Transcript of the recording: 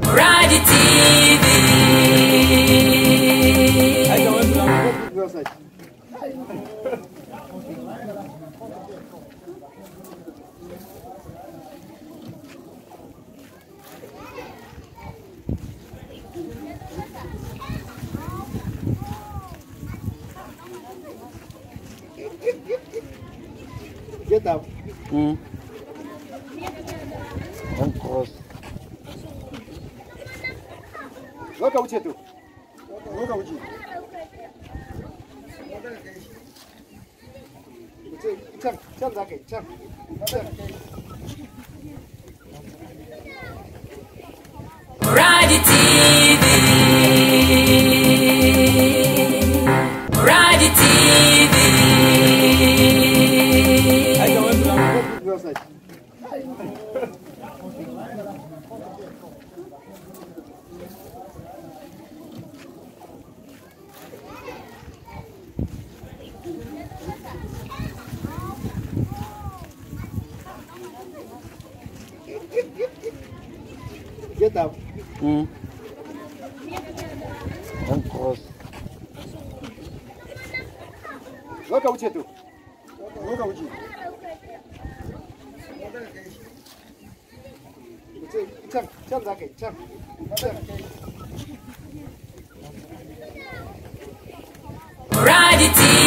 Moradi TV. Get up. Mm. Don't cross. Look out here, too. Look out here. c h g chang, chang, r i e t t i t y t a n t Get up. Mm. Don't cross. Look out you Look out you.